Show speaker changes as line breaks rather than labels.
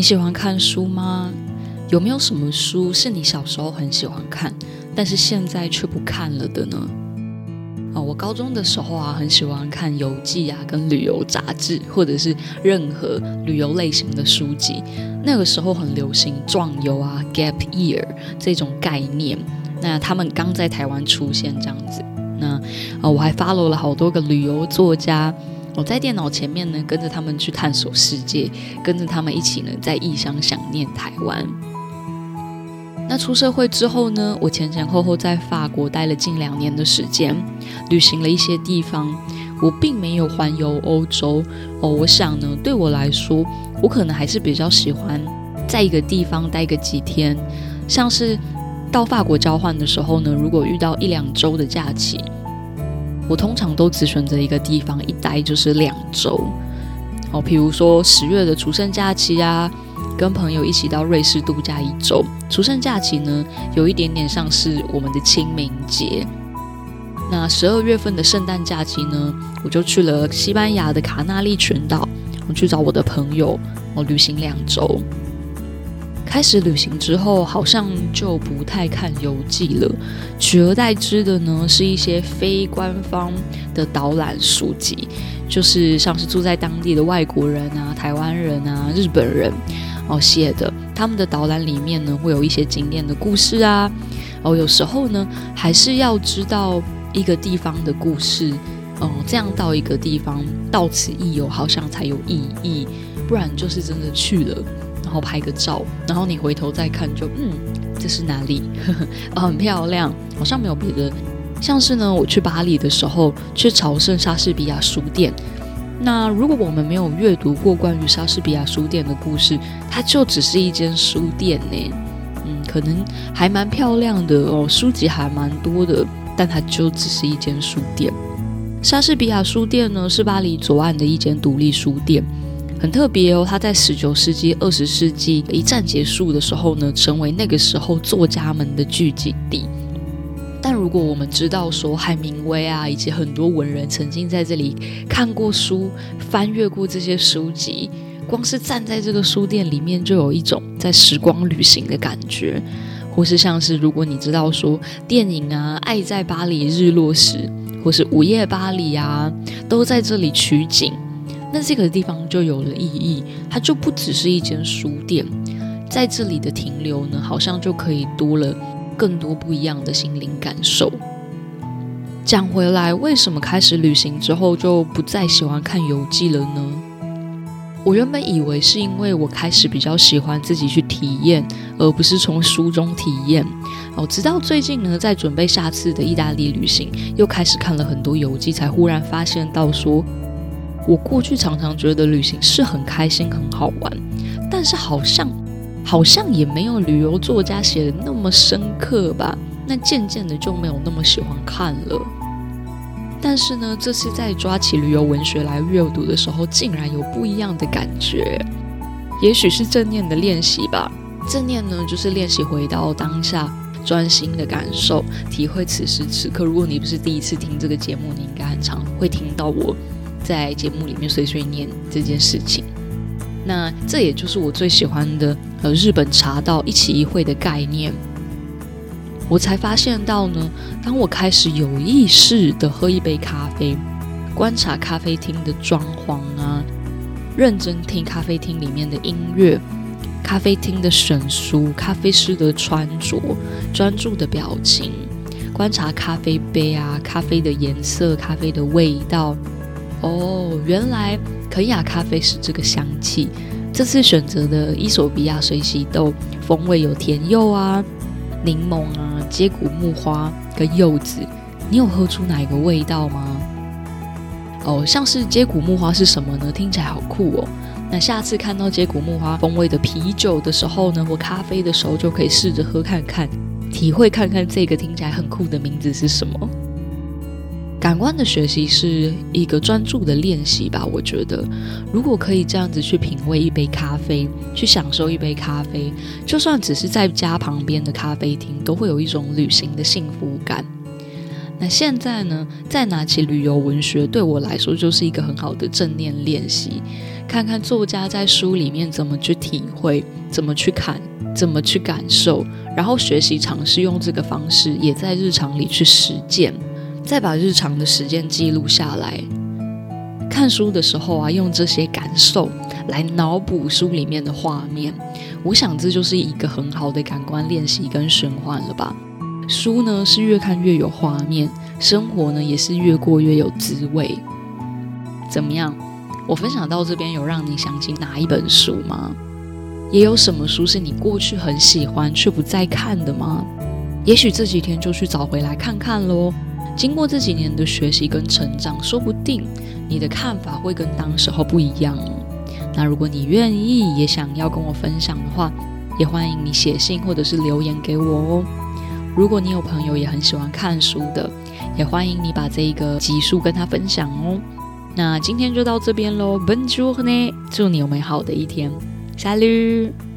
你喜歡看書嗎？有沒有什麼書是你小時候很喜歡看，但是現在卻不看了的呢？啊、哦，我高中的時候啊，很喜歡看遊記啊，跟旅遊雜誌，或者是任何旅遊類型的書籍。那個時候很流行壯遊啊、gap year 這種概念，那他們剛在台灣出現這樣子。那啊、哦，我還 follow 了好多個旅遊作家。我在電腦前面呢，跟着他們去探索世界，跟着他們一起呢，在異鄉想念台灣。那出社會之後呢，我前前後後在法國待了近兩年的時間，旅行了一些地方。我並沒有環遊歐洲。哦，我想呢，對我來說，我可能還是比較喜歡在一個地方待個幾天。像是到法國交換的時候呢，如果遇到一兩周的假期。我通常都只選擇一個地方一待就是兩週，哦，比如說十月的諸聖假期啊，跟朋友一起到瑞士度假一週。諸聖假期呢，有一點點像是我們的清明節。那十二月份的聖誕假期呢，我就去了西班牙的卡納利群島，我去找我的朋友，我、哦、旅行兩週。開始旅行之後，好像就不太看遊記了，取而代之的呢，是一些非官方的導覽書籍，就是像是住在當地的外國人啊、台灣人啊、日本人哦寫的，他們的導覽裡面呢，會有一些經驗的故事啊，哦，有時候呢，還是要知道一個地方的故事，嗯，這樣到一個地方，到此一遊好像才有意義，不然就是真的去了。然後拍個照，然後你回頭再看就，就嗯，這是哪裡？呵呵，哦，很漂亮，好像沒有別的。像是呢，我去巴黎的時候去朝聖莎士比亞書店。那如果我們沒有閱讀過關於莎士比亞書店的故事，它就只是一間書店呢。嗯，可能還蠻漂亮的哦，書籍還蠻多的，但它就只是一間書店。莎士比亞書店呢，是巴黎左岸的一間獨立書店。很特別哦，它在十九世紀、二十世紀一戰結束的時候呢，成為那個時候作家們的聚集地。但如果我們知道說海明威啊，以及很多文人曾經在這裡看過書、翻閱過這些書籍，光是站在這個書店裡面，就有一種在時光旅行的感覺。或是像是如果你知道說電影啊《愛在巴黎日落時》或是《午夜巴黎》啊，都在這裡取景。那這個地方就有了意義，它就不只是一間書店，在這裡的停留呢，好像就可以多了更多不一樣的心靈感受。講回來，為什麼開始旅行之後就不再喜歡看遊記了呢？我原本以為是因為我開始比較喜歡自己去體驗，而不是從書中體驗。哦，直到最近呢，在準備下次的意大利旅行，又開始看了很多遊記，才忽然發現到說。我過去常常覺得旅行是很開心、很好玩，但是好像好像也沒有旅遊作家寫的那麼深刻吧。那漸漸的就沒有那麼喜歡看了。但是呢，這次在抓起旅遊文學來閱讀的時候，竟然有不一樣的感覺。也許是正念的練習吧。正念呢，就是練習回到當下，專心的感受，體會此時此刻。如果你不是第一次聽這個節目，你應該很常會聽到我。在節目裡面碎碎念這件事情，那這也就是我最喜歡的和日本茶道一期一會的概念。我才發現到呢，當我開始有意識地喝一杯咖啡，觀察咖啡廳的裝潢啊，認真聽咖啡廳裡面的音樂，咖啡廳的選書，咖啡師的穿着，專注的表情，觀察咖啡杯啊，咖啡的顏色，咖啡的味道。哦，原來肯雅咖啡是這個香氣。這次選擇的伊索比亞水洗豆，風味有甜柚啊、檸檬啊、接骨木花跟柚子。你有喝出哪一個味道嗎？哦，像是接骨木花是什麼呢？聽起來好酷哦。那下次看到接骨木花風味的啤酒的時候呢，或咖啡的時候，就可以試着喝看看，體會看看這個聽起來很酷的名字是什麼。感官的學習是一個專注的練習吧，我覺得，如果可以這樣子去品味一杯咖啡，去享受一杯咖啡，就算只是在家旁邊的咖啡廳，都會有一種旅行的幸福感。那現在呢，再拿起旅遊文學，對我來說就是一個很好的正念練習，看看作家在書裡面怎麼去體會，怎麼去看，怎麼去感受，然後學習嘗試用這個方式，也在日常裡去實踐。再把日常的時間記錄下來，看書的時候啊，用這些感受來腦補書裡面的畫面，我想這就是一個很好的感官練習跟循環了吧。書呢是越看越有畫面，生活呢也是越過越有滋味。怎麼樣？我分享到這邊有讓你想起哪一本書嗎？也有什麼書是你過去很喜歡卻不再看的嗎？也許這幾天就去找回來看看嘍。經過這幾年的學習跟成長，說不定你的看法會跟當時候不一樣。那如果你願意，也想要跟我分享的話，也歡迎你寫信或者是留言給我哦。如果你有朋友也很喜歡看書的，也歡迎你把這一個集數跟他分享哦。那今天就到這邊嘍，Bonjour 呢，祝你有美好的一天，Salut。